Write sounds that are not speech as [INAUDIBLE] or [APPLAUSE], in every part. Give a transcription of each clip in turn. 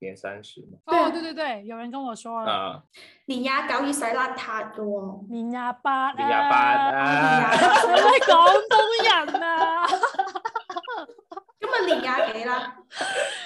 年三十嘛，哦，對對對，有人跟我說、嗯、啊，年廿九要洗邋遢㗎喎，年廿八，年廿八年啊，你係廣東人啊，咁啊年廿幾啦？ [LAUGHS] 年雅 [LAUGHS]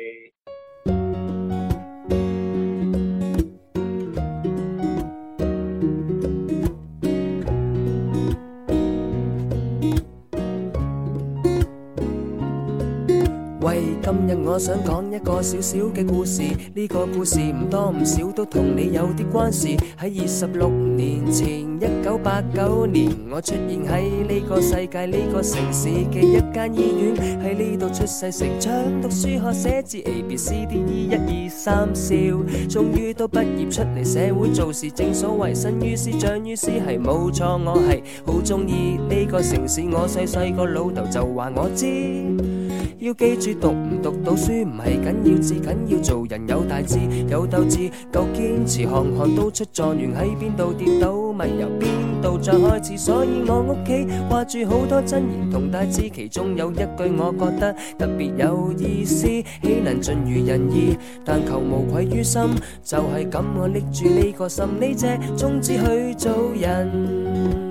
今日我想講一個小小嘅故事，呢個故事唔多唔少都同你有啲關係。喺二十六年前，一九八九年，我出現喺呢個世界呢個城市嘅一間醫院，喺呢度出世成長讀書學寫字，A B C D E，一二三少，笑。終於都畢業出嚟社會做事，正所謂生於斯長於斯係冇錯，我係好中意呢個城市。我細細個老豆就話我知。要記住，讀唔讀到書唔係緊要，至緊要做人有大志、有鬥志，夠堅持，行行都出狀元。喺邊度跌倒咪由邊度再開始。所以我屋企掛住好多真言同大志，其中有一句我覺得特別有意思：豈能盡如人意，但求無愧於心。就係咁，我拎住呢個心，呢隻宗旨去做人。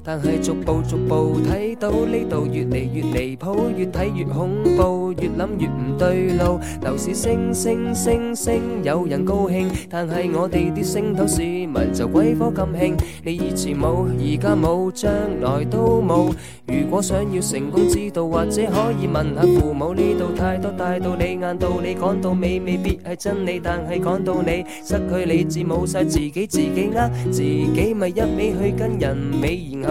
但係逐步逐步睇到呢度越嚟越離譜，越睇越恐怖，越諗越唔對路。樓市升升升升有人高興，但係我哋啲升斗市民就鬼火咁興。你以前冇，而家冇，將來都冇。如果想要成功，知道或者可以問下父母。呢度太多大道理，硬道理講到尾未必係真理，但係講到你失去理智，冇晒自己，自己呃自己咪一味去跟人尾，然